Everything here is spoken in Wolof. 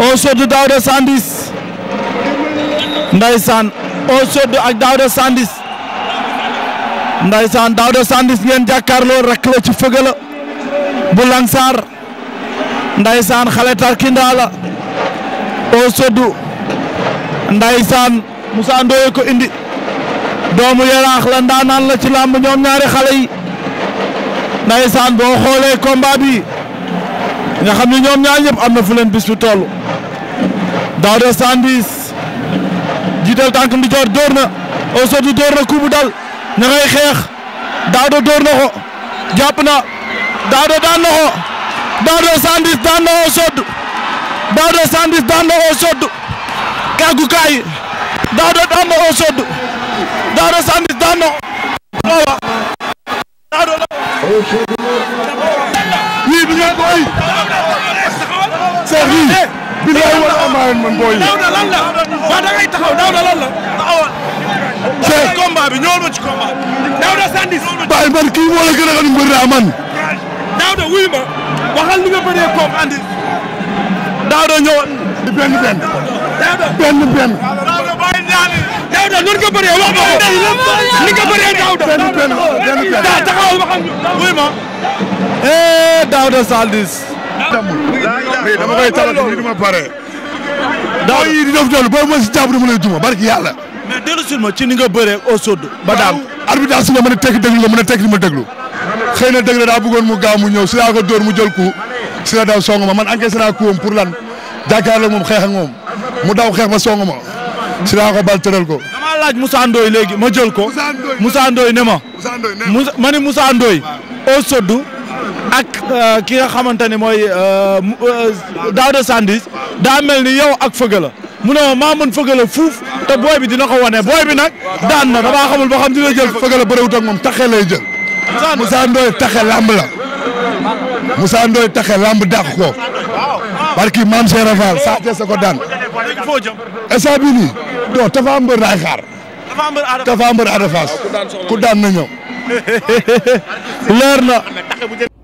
au soddu Daouda Sandwich ndaysaan au soddu ak Daouda Sandwich ndaysaan Daouda Sandwich ngeen jàkkaarloo rakk la ci fëgg la bu Lansar ndaysaan xale tarkindaa la au soddu ndaysaan Moussa Ndoye ko indi doomu yaraax la ndaanaan la ci làmb ñoom ñaari xale yi ndaysaan boo xoolee combat bi nga xam ne ñoom ñaar ñëpp am na fu leen bis Daouda Sandwich jiital tànk ndi joor door na au sorti door na kubu dal ña ngay xeex Daouda door na ko jàpp na Daouda daan na ko Daouda Sandwich daan na ko sodd Daouda Sandwich daan na ko sodd kàggu kaay Daouda daan na ko sodd Daouda Sandwich daan na ko Daouda maa sandis. bàyyi man kii moo la gën a xam mbër daa man. daaw da ma waxal ni nga bëree koom andi. daaw da ñëwal. di benn benn. daaw da benn benn. da bàyyi ñaari. daaw da ma ko. ni nga bëree daaw da. benn benn benn benn. daa taxawal ma xam wuyu ma eh, pare. daaw yi di def loolu booy ma si jàpp dama lay duma barki yàlla. mais dellusi ma ci ni nga bëree au ba daan arbitre si nga mën a tekki déglu nga mën a tekki di ma déglu. xëy daa bëggoon mu gaaw mu ñëw si laa mu jël ko si daw song ma man encaissé naa kuwam pour lan jàkkaarloo moom xeex ak moom mu daw xeex ma song ma si laa ko bal tëral ko. damaa laaj Moussa Ndoye léegi ma jël ko. Moussa Ndoye ne ma. Moussa Ndoye ne ma ma ni Moussa ak euh, ki nga xamante ni mooy euh, euh, Daouda Sandwich daa mel ni yow ak Feugueleu la mu ne maa mën Feugueleu la fuuf te booy bi dina ko wane booy bi nag daan na damaa xamul ba xam dina jël Feugueleu bëriwut ak moom taxe lay jël. Moussa Ndoye taxe lamb la Moussa Ndoye lamb dàq ko barki maam Cheikh saa te sa ko daan instant bii nii non Tapha Mbeur laay xaar Tapha Mbeur Ada Fass ku daan na ñëw leer na